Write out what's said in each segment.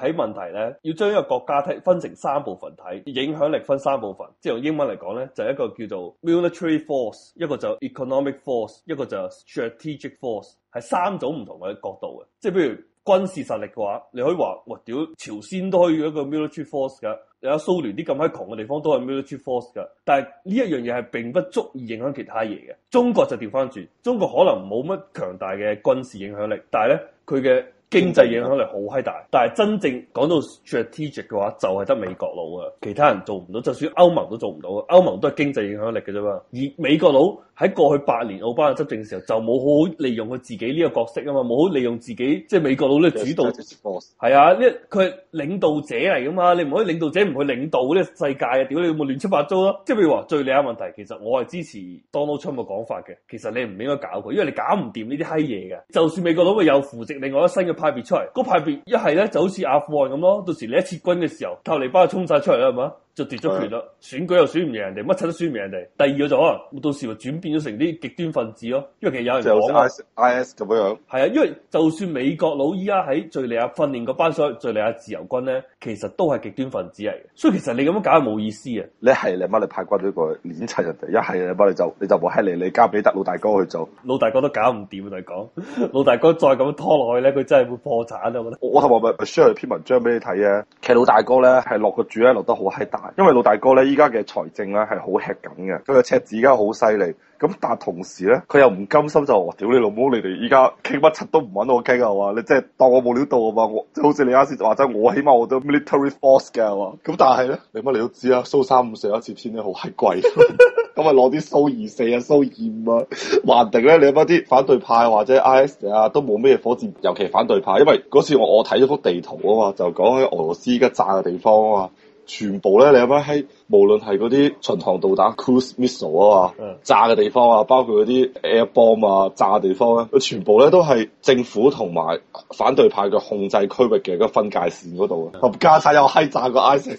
睇問題咧，要將一個國家睇分成三部分睇，影響力分三部分。即係用英文嚟講咧，就係一個叫做 military force，一個就 economic force，一個就 strategic force，係三種唔同嘅角度嘅。即係譬如軍事實力嘅話，你可以話哇屌朝鮮都可以有一個 military force 㗎，有蘇聯啲咁閪窮嘅地方都係 military force 㗎。但係呢一樣嘢係並不足以影響其他嘢嘅。中國就調翻轉，中國可能冇乜強大嘅軍事影響力，但係咧佢嘅經濟影響力好閪大，但係真正講到 strategic 嘅話，就係、是、得美國佬啊！其他人做唔到，就算歐盟都做唔到啊！歐盟都係經濟影響力嘅啫嘛，而美國佬喺過去八年奧巴馬執政嘅時候，就冇好好利用佢自己呢個角色啊嘛，冇好利用自己即係、就是、美國佬呢個主導，係、yes，啊，呢佢係領導者嚟噶嘛，你唔可以領導者唔去領導呢個世界啊！屌你有有，冇亂七八糟咯！即係譬如話最離譜問題，其實我係支持 Donald Trump 嘅講法嘅，其實你唔應該搞佢，因為你搞唔掂呢啲閪嘢嘅，就算美國佬咪又扶植另外一新嘅。派別出嚟，嗰派別一係咧就好似阿富汗咁咯，到時你一撤軍嘅時候，塔利班就衝晒出嚟啦，係咪？就跌咗權啦，嗯、選舉又選唔贏人哋，乜柒都選唔贏人哋。第二個就可能到時話轉變咗成啲極端分子咯。因為其實有人講像 IS 咁樣的，係啊，因為就算美國佬依家喺敍利亞訓練嗰班所謂敍利亞自由軍咧，其實都係極端分子嚟嘅。所以其實你咁樣搞係冇意思嘅、這個。你係你媽你派軍隊過去碾殘人哋，一係你乜你就你就冇閪嚟，你交俾得老大哥去做。老大哥都搞唔掂同你講，老大哥再咁拖落去咧，佢真係會破產啊！我我頭咪咪 share 篇文章俾你睇啊。其實老大哥咧係落個注咧落得好閪大。因為老大哥咧，依家嘅財政咧係好吃緊嘅，佢嘅赤字依家好犀利。咁但同時咧，佢又唔甘心就屌你老母，你哋依家傾乜柒都唔搵我傾啊！哇，你，我你真係當我冇料到啊嘛！我即好似你啱先就話齋，我起碼我都 military force 嘅啊！哇，咁但係咧，你乜你都知啊，蘇三五上一次簽咧好閪貴，咁啊攞啲蘇二四啊、蘇二五啊，還定咧你乜啲反對派或者 IS 啊都冇咩火箭，尤其反對派，因為嗰次我我睇咗幅地圖啊嘛，就講喺俄羅斯依家炸嘅地方啊嘛。全部咧，你阿媽喺無論係嗰啲巡航導彈 （cruise missile） 啊嘛，炸嘅地方啊，包括嗰啲 air bomb 啊炸嘅地方咧、啊，佢全部咧都係政府同埋反對派嘅控制區域嘅一個分界線嗰度啊。冚家鏟，又閪炸過 ISIS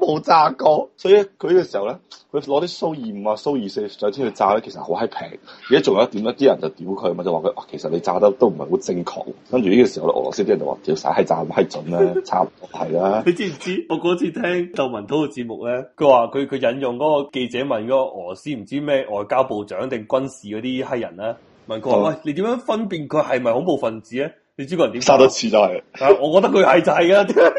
冇炸過，所以佢嘅時候咧，佢攞啲蘇二五啊、蘇二四上天去炸咧，其實好閪平。而家仲有一點咧，啲人就屌佢嘛，就話佢哇，其實你炸得都唔係好正確。跟住呢個時候俄羅斯啲人就話屌晒，閪炸唔閪準咧，差唔多係啦。 你知唔知？我嗰次聽。竇文濤嘅節目咧，佢話佢佢引用嗰個記者問個俄羅斯唔知咩外交部長定軍事嗰啲黑人咧，問佢話喂，你點樣分辨佢係咪恐怖分子咧？你知個人點？殺得次就係、是，啊、 哎，我覺得佢係就係㗎。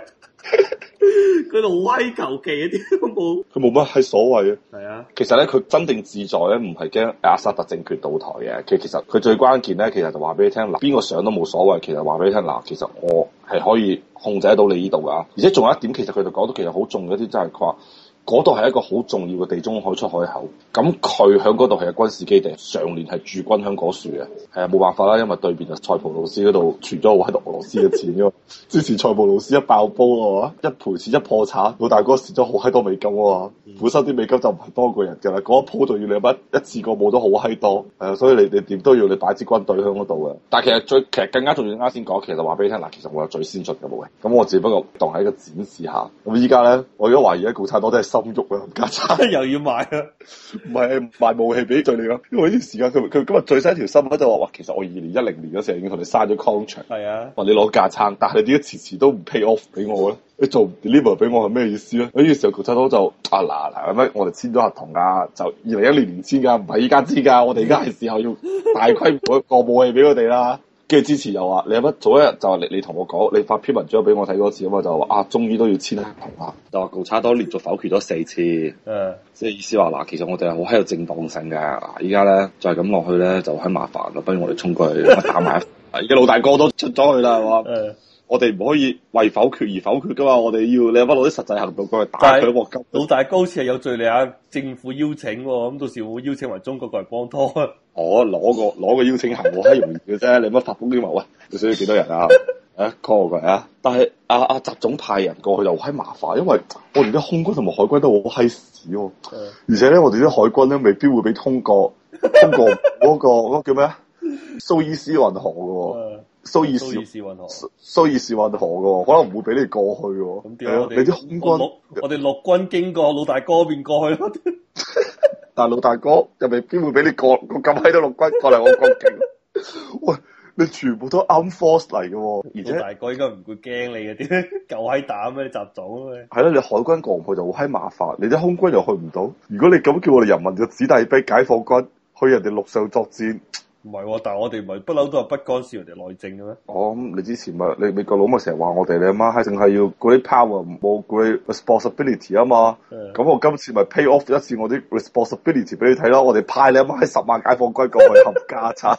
佢老威求忌一啲都冇，佢冇乜係所謂啊。係啊，其實咧佢真正自在咧，唔係驚阿薩達政權倒台嘅。其實其實佢最關鍵咧，其實就話俾你聽，邊個想都冇所謂。其實話俾你聽，嗱，其實我係可以控制得到你呢度噶。而且仲有一點，其實佢就講到其實好重一啲，就係話。嗰度係一個好重要嘅地中海出海口，咁佢喺嗰度係一個軍事基地，常年係駐軍喺嗰處嘅。係、呃、啊，冇辦法啦，因為對面就塞浦路斯嗰度存咗好閪多俄羅斯嘅錢嘅嘛。 因為之前塞浦路斯一爆煲喎，一賠錢一破產，老大哥蝕咗好閪多美金喎，本身啲美金就唔係多過人嘅啦，嗰一鋪就要兩筆一次過冇得好閪多，係、呃、所以你你點都要你擺支軍隊喺嗰度嘅。但係其實最其實更加重要啱先講，其實話俾你聽嗱，其實我有最先進嘅武器，咁我只不過當係一個展示下。咁依家咧，我如果懷疑咧，古賊多都係供肉啊，架撐又要買啊， 唔係賣武器俾佢哋你咯。因為呢啲時間佢佢今日最新一條新聞就話，哇，其實我二零一零年嗰時候已經同你生咗 contract，係啊。哇，你攞架撐，但係你點解遲遲都唔 pay off 俾我咧？你做 deliver 俾我係咩意思咧？呢啲 時候郭振東就啊嗱嗱，乜、啊啊啊啊、我哋簽咗合同噶，就二零一零年簽噶，唔係依家知噶。我哋而家係時候要大規模 過武器俾佢哋啦。嘅支持又話，你有乜早一日就話你你同我講，你發篇文章俾我睇嗰次啊嘛，就話啊，終於都要簽合同啦，就話估差多連續否決咗四次，嗯，即係意思話嗱，其實我哋係好喺度正當性嘅，依家咧再咁落去咧就係麻煩啦，不如我哋衝過去 打埋，而家老大哥都出咗去啦，係嘛 Yeah. 吧？Yeah. 我哋唔可以為否決而否決噶嘛，我哋要你乜攞啲實際行動過去打佢鑊金。但這老大哥，好似係有敘利亞政府邀請、哦，咁到時會邀請埋中國人過嚟幫拖。我攞、哦、個攞個邀請函，好閪容易嘅啫，你乜發瘋啲話喂，需要幾多人啊？ call 啊，哥佢啊，但係阿阿習總派人過去又閪麻煩，因為我哋啲空軍同埋海軍都好閪屎， 而且咧我哋啲海軍咧未必會俾通過通過嗰、那個嗰、那個那個、叫咩啊蘇伊士運河噶。 蘇爾士運河，蘇爾士運河噶，可能唔會俾你過去。咁點啊？們你啲空軍，我哋陸軍經過老大哥邊過去啦。 但係老大哥又未必會俾你過，我咁喺度陸軍過嚟，我咁勁。喂，你全部都啱 force 嚟嘅，而且老大哥應該唔會驚你嘅啲夠閪膽嘅雜種。係啦、 啊，你海軍過唔去就好閪麻煩，你啲空軍又去唔到。如果你咁叫我哋人民就子弟兵解放軍去人哋陸上作戰。唔係、哦，但係我哋唔係不嬲都係不干涉人哋內政嘅咩？哦，你之前咪你美國老母成日話我哋，你阿媽係淨係要嗰啲 great power 冇 great responsibility 啊嘛。咁、 嗯、我今次咪 pay off 一次我啲 responsibility 俾你睇咯。我哋派你阿媽喺十萬解放軍過去冚家鏟，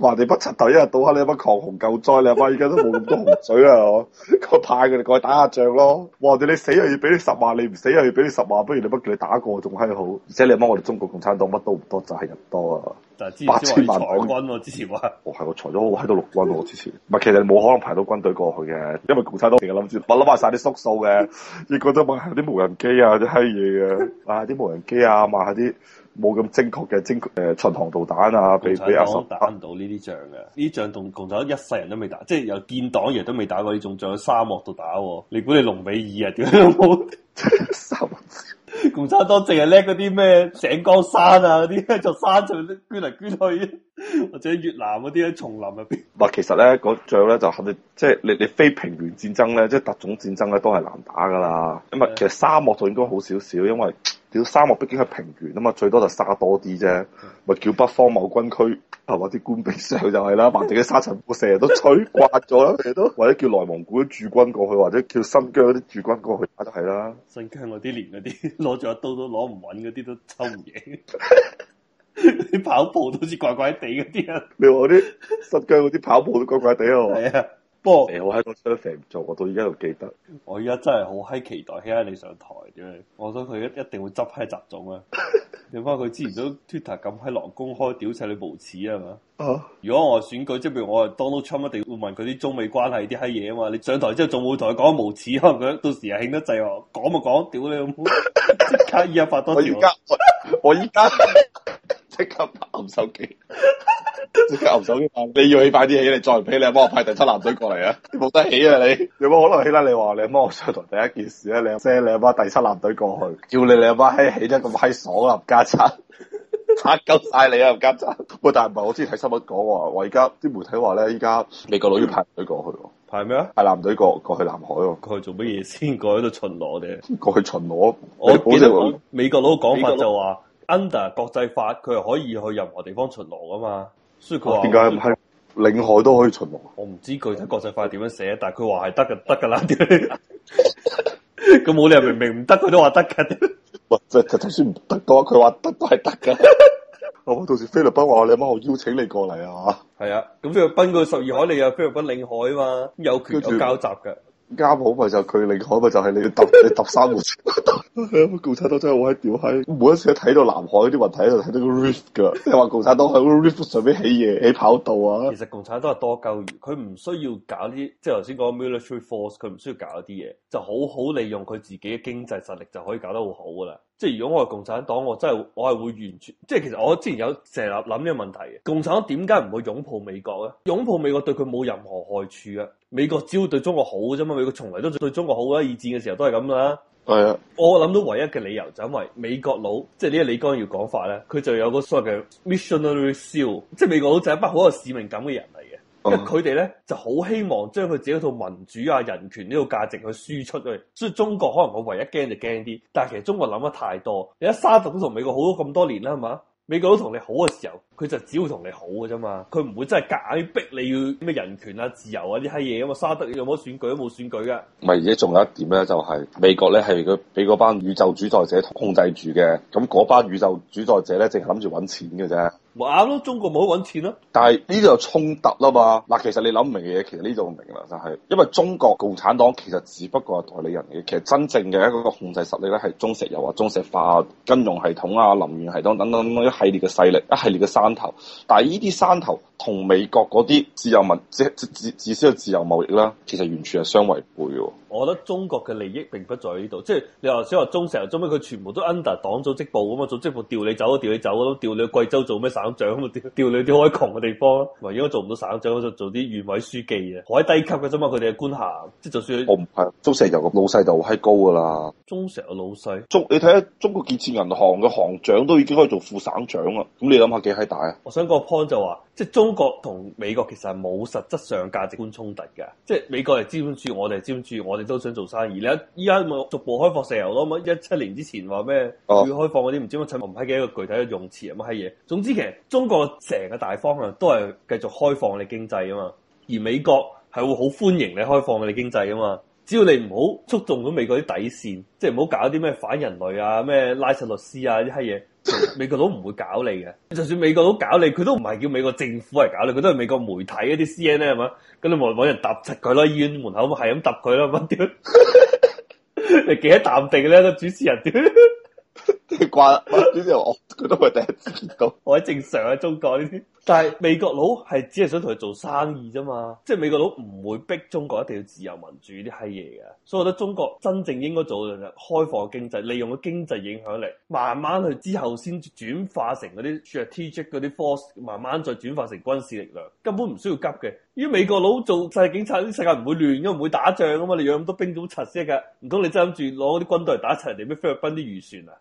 話你乜七頭一日到黑，你阿媽抗洪救災，你阿媽而家都冇咁多洪水啦。 我派佢哋過去打下仗咯。話你你死又要俾你十萬，你唔死又要俾你十萬，不如你乜叫你打過仲閪好？而且你阿媽我哋中國共產黨乜都唔多，就係人多啊。麼麼八千萬軍喎，之前話，哦，我係我除咗喺度陸軍喎，之前，唔係其實冇可能排到軍隊過去嘅。因為共產黨成日諗住，我諗下晒啲縮數嘅，亦覺得買下啲無人機啊啲閪嘢嘅，買下啲無人機啊，買下啲冇咁精確嘅精誒、呃、巡航導彈啊，俾俾阿聰打唔到呢啲仗嘅，呢仗同共產黨一世人都未打，即係由建黨員都未打過呢種仗，依仲在沙漠度打喎，你估你隆美爾啊點樣冇共產黨淨係叻嗰啲咩井岡山啊，嗰啲一座山上捐嚟捐去，或者越南嗰啲喺叢林入邊。唔其實咧最後咧就係即係你、就是、你，你非平原戰爭咧，即、就、係、是、特種戰爭咧都係難打㗎啦。咁啊，其實沙漠就應該好少少，因為。沙漠畢竟係平原啊嘛，最多就沙多啲啫。咪叫北方某軍區啊，或啲官兵上去就係啦，或者啲沙塵暴成日都吹刮咗，成日都或者叫內蒙古啲駐軍過去，或者叫新疆嗰啲駐軍過去，都係啦。新疆嗰啲連嗰啲攞住刀都攞唔穩嗰啲都抽唔嘢，你跑步都好似怪怪地嗰啲啊，你話啲新疆嗰啲跑步都怪怪地係嘛？不過我喺個 service 做，我到依家仲記得。我依家真係好閪期待希拉你上台嘅， 我想佢一一定會執閪雜種啊！點解佢之前都 twitter 咁閪狼公開屌晒你無恥啊嘛？ 如果我選舉，即係譬如我係 Donald Trump 一定會問佢啲中美關係啲閪嘢啊嘛？你上台之後仲會同佢講無恥可能佢到時係興得滯哦，講就講，屌你咁！即刻依家發多 我，我依家即刻拍暗手機。 手機，你要快起快啲起你再唔起你阿媽派第七艦隊過嚟啊！你冇得 起啊你，有冇可能起得你話你阿媽上台第一件事啊？你 send 你阿媽第七艦隊過去，叫你你阿媽閪起得咁閪爽啊！唔加燦，拆夠晒你啊！唔加燦，喂，但係唔係我中意睇新聞講喎，我而家啲媒體話咧，依家美國佬要派隊過去，派咩啊？派艦隊過去過去南海喎、啊，過去做乜嘢先？過去喺度巡邏嘅，過去巡邏。巡我其實美國佬嘅講法就話，under 國際法，佢係可以去任何地方巡邏噶嘛。所以佢話點解唔係領海都可以巡邏？我唔知具體國際法點樣寫，但係佢話係得嘅，得噶啦。咁 冇 理由明明唔得佢都話得噶。或者就，就算唔得都，佢話得都係得噶。我到時菲律賓話你媽，我邀請你過嚟啊。係啊，咁菲律賓佢十二海里有菲律賓領海啊嘛，有叫做交集嘅。啱好咪就佢、是、領海咪就係、是、你要揼你揼三門。 共產黨真係好閪屌閪，每一次睇到南海啲物體，就睇到個 reef 㗎。即係話共產黨喺個 reef 上邊起嘢，起跑道啊！其實共產黨係多鳩餘，佢唔需要搞啲，即係頭先講 military force，佢唔需要搞一啲嘢，就好好利用佢自己嘅經濟實力就可以搞得好好噶啦。即係如果我係共產黨，我真係我係會完全，即係其實我之前有成日諗呢個問題嘅。共產黨點解唔會擁抱美國咧？擁抱美國對佢冇任何害處啊！美國只要對中國好啫嘛，美國從來都對中國好啊。二戰嘅時候都係咁啦。係啊，我諗到唯一嘅理由就因為美國佬，即係呢個李光耀講法咧，佢就有個所謂嘅 missionary zeal，即係美國佬就一班好有使命感嘅人嚟嘅，咁佢哋咧就好希望將佢自己套民主啊、人權呢個價值去輸出去，所以中國可能我唯一驚就驚啲，但係其實中國諗得太多，你睇沙特都同美國好咗咁多年啦，係嘛？美國都同你好嘅時候，佢就只會同你好嘅啫嘛，佢唔會真係夾硬逼你要咩人權啊、自由啊啲閪嘢咁嘛。沙特有冇選舉都冇選舉噶。唔係而家仲有一點咧、就是，就係美國咧係佢俾嗰班宇宙主宰者控制住嘅，咁嗰班宇宙主宰者咧淨係諗住搵錢嘅啫。話咯，中國冇得搵錢咯，啊。但係呢度有衝突啦嘛。嗱，其實你諗明嘅嘢，其實呢度明啦，就係、是、因為中國共產黨其實只不過係代理人嘅，其實真正嘅一個控制實力咧，係中石油啊、中石化、啊、金融系統啊、能源系統等等等等一系列嘅勢力、一系列嘅山頭。但係呢啲山頭。同美國嗰啲自由民，即即只只需要自由貿易啦，其實完全係相違背嘅。我覺得中國嘅利益並不在呢度，即係你話，中石油做咩？佢全部都 under 黨組織部啊嘛，組織部調你走啊，調你走啊，調你去貴州做咩省長啊嘛，調調你調海窮嘅地方咯，或者做唔到省長我就做啲縣委書記啊，好低級嘅啫嘛，佢哋嘅官銜即係就算我唔係中石油嘅老細就好閪高噶啦，中石油老細，中你睇下中國建設銀行嘅行長都已經可以做副省長啊，咁你諗下幾閪大啊？我想個 point 就話，即係中。中國同美國其實係冇實質上價值觀衝突嘅，即係美國係資本主義，我哋係資本主義，我哋都想做生意。你依家逐步開放石油咯，一七年之前話咩要開放嗰啲，唔、哦、知乜柒文批嘅一個具體嘅用詞啊，乜閪嘢。總之其實中國成個大方向都係繼續開放你經濟啊嘛，而美國係會好歡迎你開放你經濟啊嘛，只要你唔好觸動到美國啲底線，即係唔好搞啲咩反人類啊、咩拉什律師啊啲閪嘢。美國佬唔會搞你嘅，就算美國佬搞你，佢都唔係叫美國政府嚟搞你，佢都係美國媒體嗰啲 C N N 係嘛，咁你冇 人揼出佢咯，醫院門口咪係咁揼佢咯，乜屌 你幾淡定咧，個主持人屌！ 掛啦，呢啲 我佢都唔係第一次咁，我喺正常啊。中國呢啲，但係美國佬係只係想同佢做生意啫嘛，即係美國佬唔會逼中國一定要自由民主啲閪嘢嘅，所以我覺得中國真正應該做嘅就係開放經濟，利用個經濟影響力，慢慢去之後先轉化成嗰啲 strategic 嗰啲 force，慢慢再轉化成軍事力量，根本唔需要急嘅。依美國佬做世警察，啲世界唔會亂，因為唔會打仗啊嘛，你養咁多兵都賊死噶，唔通你真諗住攞啲軍隊嚟打一齊人哋咩菲律賓啲漁船啊？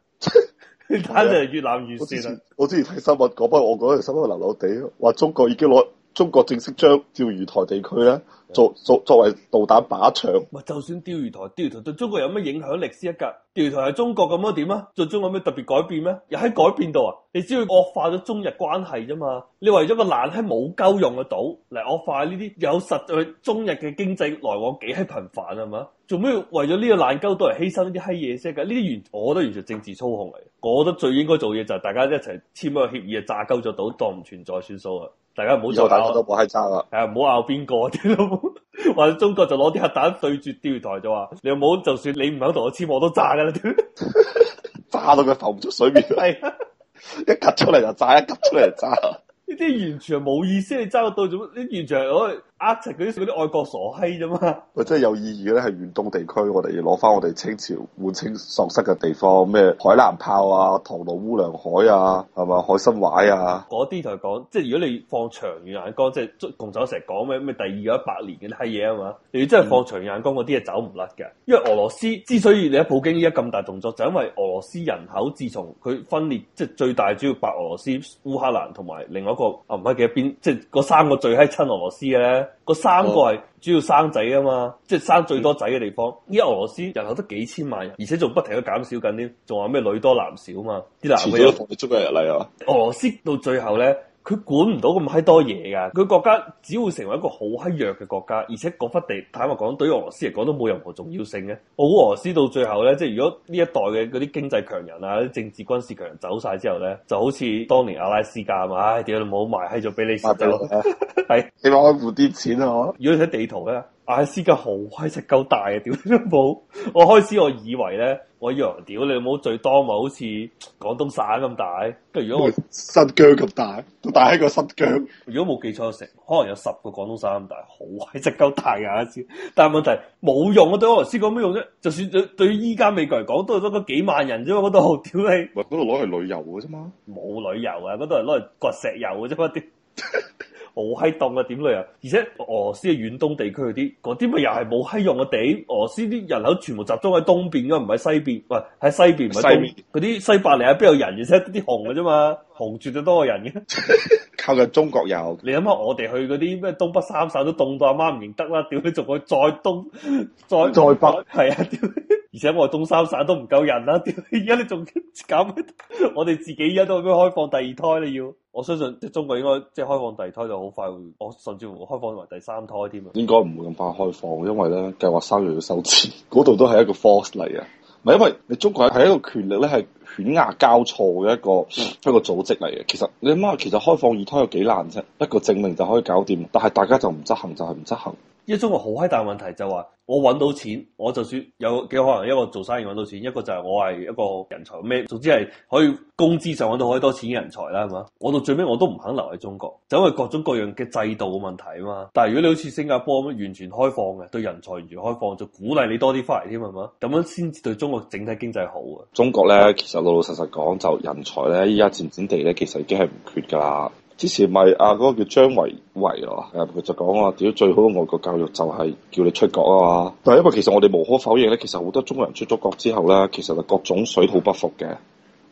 你睇嚟越南越線啦！我之前睇新聞講，不過我覺得新聞流流地，話中國已經攞中國正式將釣魚台地區咧作作作為導彈靶場。咪 就算釣魚台，釣魚台對中國有乜影響力？先一格，釣魚台係中國咁咯，點啊？對中國有咩特別改變咩？又喺改變度啊？你只會惡化咗中日關係啫嘛？你為咗個爛喺冇鳩用嘅島嚟惡化呢啲有實在中日嘅經濟來往幾係頻繁啊嘛？做咩為咗呢個爛鳩都係犧牲呢啲閪嘢先噶？呢啲完我都完全政治操控嚟，我覺得最應該做嘢就係大家一齊簽一個協議啊，炸鳩咗島，當唔存在算數啊！大家唔好再打，我都唔好喺炸啦，係唔好咬邊個啲咯，或者中國就攞啲核彈對住釣魚台就話，你唔好就算你唔肯同我簽，我都炸噶啦， 炸到佢浮唔出水面，係、 啊、一汲出嚟就炸，一汲出嚟就炸。啲完全係冇意思，你揸到到做乜？啲完全係我哋呃情嗰啲嗰啲愛國傻閪啫嘛！喂，真係有意義咧，係遠東地區，我哋攞翻我哋清朝換清喪失嘅地方，咩海蘭泡啊、唐努烏梁海啊，係嘛海參崴啊？嗰啲同佢講，即係如果你放長遠眼光，即係共產黨成日講咩咩第二一百年嘅啲閪嘢啊嘛？你真係放長遠眼光，嗰啲嘢走唔甩嘅，因為俄羅斯之所以你睇普京依家咁大動作，就因為俄羅斯人口，自從佢分裂，即係最大主要白俄羅斯、烏克蘭同埋另外一個。啊唔係，其實邊，即係嗰三個最閪親俄羅斯嘅咧，嗰三個係主要生仔啊嘛，即係生最多仔嘅地方。依家俄羅斯人口得幾千萬人，而且仲不停咁減少緊添，仲話咩女多男少啊嘛，啲男嘅同你捉國人嚟啊。俄羅斯到最後咧。佢管唔到咁閪多嘢噶，佢國家只會成為一個好閪弱嘅國家，而且嗰忽地坦白講，對俄羅斯嚟講都冇任何重要性嘅。俄羅斯到最後咧，即係如果呢一代嘅嗰啲經濟強人啊、啲政治軍事強人走晒之後咧，就好似當年阿拉斯加啊嘛，唉、哎，點你冇埋，喺做比利亞得咯，你幫 我付啲錢啊 如果你睇地圖咧。俄羅斯嘅好閪隻夠大啊，屌 都冇！我開始我以為咧，我話屌你冇最多咪好似廣東省咁大，跟住如果我新疆咁大，都大喺個新疆。如果冇記錯，成可能有十個廣東省咁大，好閪隻夠大啊！俄羅斯，但係問題冇用啊，對俄羅斯講咩用啫？就算對對依家美國嚟講，都係得嗰幾萬人啫嘛，嗰度屌你，唔係嗰度攞嚟旅遊嘅啫嘛，冇旅遊啊，嗰度係攞嚟掘石油嘅啫嗰啲。 冇閪凍啊！點嚟啊？而且俄羅斯嘅遠東地區嗰啲，嗰啲咪又係冇閪用嘅地。俄羅斯啲人口全部集中喺東邊噶、啊，唔喺西邊。喂、呃，喺西邊唔係東嗰啲西，面西伯利亞邊有人、啊、而且啲熊嘅啫嘛，熊住最多個人嘅。 靠近中國有。你諗下我哋去嗰啲咩東北三省都凍到阿媽唔認得啦！屌你仲去再東再再北？係啊！屌， 而且我哋東三省都唔夠人啦、啊！屌，你而家你仲搞咩？我哋自己而家都要開放第二胎啦要。我相信即係中國應該即係開放第二胎就好快會，我甚至乎開放埋第三胎添啊！應該唔會咁快開放，因為咧計劃生育要收錢，嗰 度都係一個 force 嚟嘅，唔係因為你中國係一個權力咧係犬牙交錯嘅一個、嗯、一個組織嚟嘅。其實你諗下，其實開放二胎有幾難啫，一個證明就可以搞掂，但係大家就唔執行就係唔執行。就是因為中國好閪大問題就話我揾到錢，我就算有幾可能一個做生意揾到錢，一個就係我係一個人才咩？總之係可以工資就揾到好多錢嘅人才啦，係嘛？我到最尾我都唔肯留喺中國，就因為各種各樣嘅制度嘅問題啊嘛。但係如果你好似新加坡咁完全開放嘅，對人才完全開放，就鼓勵你多啲翻嚟添係嘛？咁樣先至對中國整體經濟好啊。中國咧其實老老實實講就人才咧，依家漸漸地咧其實已經係唔缺㗎啦。之前咪啊嗰個叫張維維咯，佢就講話屌最好嘅外國教育就係叫你出國啊嘛，但係因為其實我哋無可否認咧，其實好多中國人出咗國之後咧，其實係各種水土不服嘅，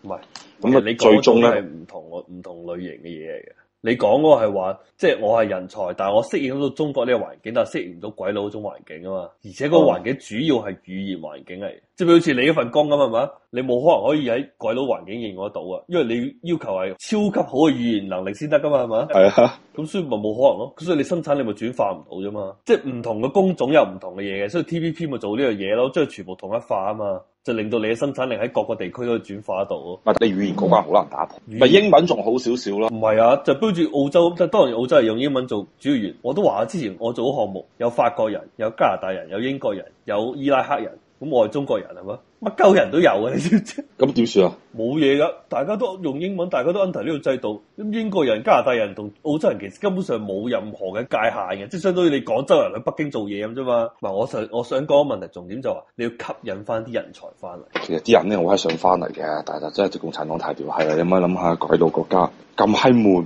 唔係咁啊，那你最終咧唔同唔同類型嘅嘢嚟嘅。你講嗰個係話，即係我係人才，但係我適應到中國呢個環境，但係適應唔到鬼佬嗰種環境啊嘛。而且個環境主要係語言環境嚟，即係好似你一份工咁係嘛？你冇可能可以喺鬼佬環境適應得到啊，因為你要求係超級好嘅語言能力先得㗎嘛係嘛？係啊，咁所以咪冇可能咯。所以你生產你咪轉化唔到啫嘛。即係唔同嘅工種有唔同嘅嘢嘅，所以 T V P 咪做呢樣嘢咯，即係全部統一化啊嘛。就令到你嘅生產力喺各個地區都會轉化得到。唔係，你語言關好難打破。唔係言英文仲好少少咯。唔係啊，就標住澳洲，即係當然澳洲係用英文做主要語言。我都話之前我做嘅項目有法國人，有加拿大人，有英國人，有伊拉克人。咁、嗯、我係中國人係嘛，乜鳩人都有啊，你知唔知？咁點算啊？冇嘢㗎，大家都用英文，大家都 under 呢個制度。咁、嗯、英國人、加拿大人同澳洲人其實根本上冇任何嘅界限嘅，即係相當於你廣州人喺北京做嘢咁啫嘛。嗱，我想我想講個問題重點就話，你要吸引翻啲人才翻嚟。其實啲人咧，我係想翻嚟嘅，但係就真係直共產黨太屌，係啊，你可以諗下，改到國家咁閪悶，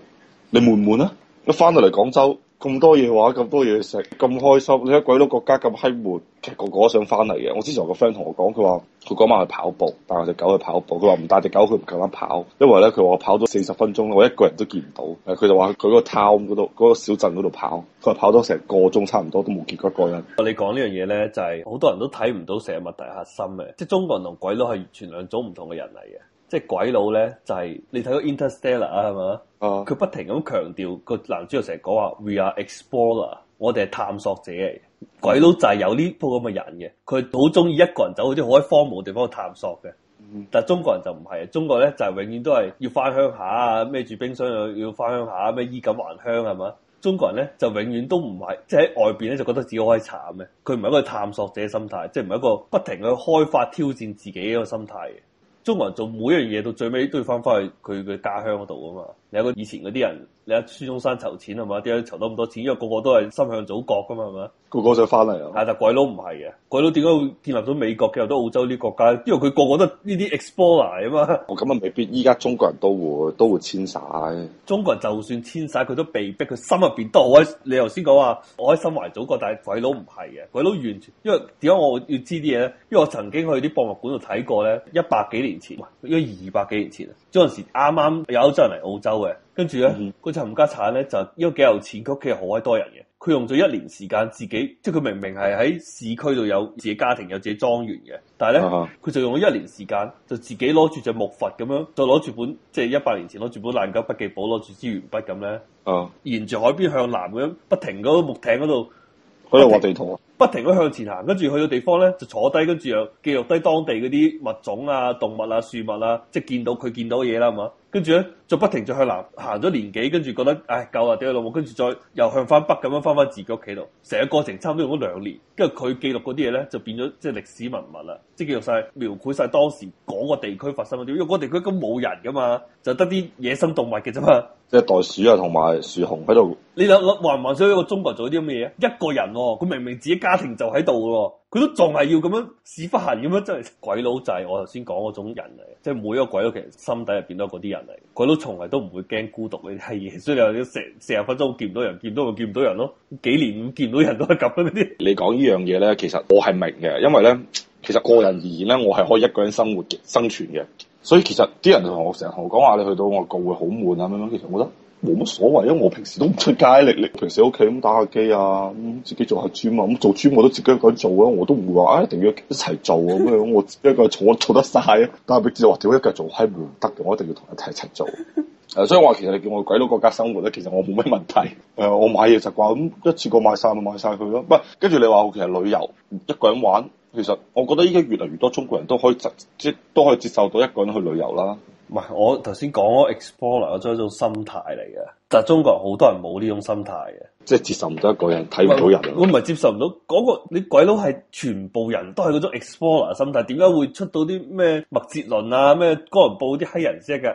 你悶唔悶啊？一翻到嚟廣州。咁多嘢玩，咁多嘢食，咁開心！你喺鬼佬國家咁閪悶，其實個個個都想翻嚟嘅。我之前有個 friend 同我講，佢話佢嗰晚去跑步，但係隻狗去跑步。佢話唔帶隻狗佢唔夠膽跑，因為咧佢話跑咗四十分鐘，我一個人都見唔到。誒，佢就話佢嗰個 town 嗰度，嗰個小鎮嗰度跑，佢話跑咗成個鐘差唔多都冇見過一個人。你講呢樣嘢咧，就係好多人都睇唔到成事物底核心嘅，即係中國人同鬼佬係完全兩種唔同嘅人嚟嘅。即係鬼佬咧，就係、是、你睇到 Interstellar 啊，係嘛、uh？佢、huh. 不停咁強調個，男主角成日講話 We are explorer 我哋係探索者嚟。鬼佬就係有呢波咁嘅人嘅，佢好中意一個人走好啲好荒蕪嘅地方去探索嘅。Uh huh. 但係中國人就唔係，中國咧就係、是、永遠都係要翻鄉下啊，孭住冰箱要要翻鄉下，咩衣錦還鄉係嘛？中國人咧就永遠都唔係，即係喺外邊咧就覺得自己好閪慘嘅。佢唔係一個探索者嘅心態，即係唔係一個不停去開發挑戰自己一個心態嘅。中國人做每樣嘢到最尾都要翻返去佢嘅家鄉嗰度啊嘛～你有個以前嗰啲人，你睇孫中山籌錢係嘛？點解籌到咁多錢，因為個個都係心向祖國噶嘛，係嘛？個個就翻嚟啊！係但鬼佬唔係嘅，鬼佬點解會建立到美國、建立到澳洲啲國家？因為佢個個都呢啲 explorer 啊嘛。咁啊，未必依家中國人都會都會遷晒。中國人就算遷晒，佢都被逼，佢心入邊都我喺。你頭先講話，我喺心懷祖國，但係鬼佬唔係嘅，鬼佬完全因為點解我要知啲嘢咧？因為我曾經去啲博物館度睇過咧，一百幾年前，應該二百幾年前，嗰陣時啱啱有歐洲人嚟澳洲。嗯、跟住咧，佢陳、嗯、家產咧就因為幾有錢，佢屋企好鬼多人嘅。佢用咗一年時間自己，即係佢明明係喺市區度有自己家庭，有自己莊園嘅，但係咧佢就用咗一年時間，就自己攞住隻木筏咁樣，就攞住本即係一百年前，攞住本爛金筆記簿，攞住支鉛筆咁咧，啊、沿住海邊向南咁樣不停嗰木艇嗰度，嗰度畫地圖啊。不停咁向前行，跟住去到地方咧就坐低，跟住又記錄低當地嗰啲物種啊、動物啊、樹木啊，即係見到佢見到嘅嘢啦，係嘛？跟住咧就不停再向南行咗年幾，跟住覺得唉夠啦，屌咗落，跟住再又向翻北咁樣翻翻自己屋企度。成個過程差唔多用咗兩年，跟住佢記錄嗰啲嘢咧就變咗即係歷史文物啦，即係記錄晒、描繪晒當時嗰個地區發生嗰啲。因為嗰地區根本冇人噶嘛，就得啲野生動物嘅啫嘛。即係袋鼠啊，同埋樹熊喺度。你諗諗，還唔還想一個中國做啲咁嘅嘢？一個人喎、哦，佢明，明明自己家庭就喺度喎，佢都仲係要咁樣屎忽行咁樣，真係鬼佬就係。我頭先講嗰種人嚟，即係每一個鬼佬其實心底入邊都係嗰啲人嚟。佢都從來都唔會驚孤獨嘅，係所以你成成十分鐘見唔到人，見到咪見唔到人咯。幾年見到人都係咁樣啲。你講呢樣嘢咧，其實我係明嘅，因為咧，其實個人而言咧，我係可以一個人生活嘅，生存嘅。所以其實啲人同我成日同我講話，你去到外國會好悶啊，咩咩嘅，點解？冇乜所謂，因為我平時都唔出街，你你平時屋企咁打下機啊，咁自己做下 gym 啊，咁做 gym 我都自己一個人做啊，我都唔會話啊一定要一齊做啊，咁樣我一個人坐坐得晒啊，但係別子話屌一個人做係唔得嘅，我一定要同佢一齊一齊做，啊，誒、呃，所以話其實你叫我鬼佬國家生活咧，其實我冇咩問題，誒、呃，我買嘢習慣咁、嗯、一次過買晒咪買晒佢咯，唔跟住你話其實旅遊一個人玩，其實我覺得依家越嚟越多中國人都可以即都可以接受到一個人去旅遊啦。唔係，我頭先講我 explorer 嗰種一種心態嚟嘅，但係中國好多人冇呢種心態嘅，即係接受唔到一個人睇唔到人。我唔係接受唔到嗰個，你鬼佬係全部人都係嗰種 explorer 心態，點解會出到啲咩麥哲倫啊咩哥倫布啲黑人先嘅？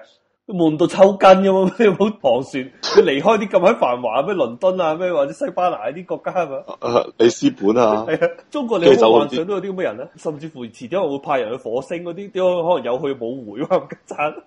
悶到抽筋咁啊！好旁船，要離開啲咁喺繁華咩？倫敦啊，咩或者西班牙啲國家係嘛？里斯本啊？ 中國你有冇幻想都有啲咁嘅人咧，甚至乎遲啲我會派人去火星嗰啲，點解可能有去冇回啊？唔 得。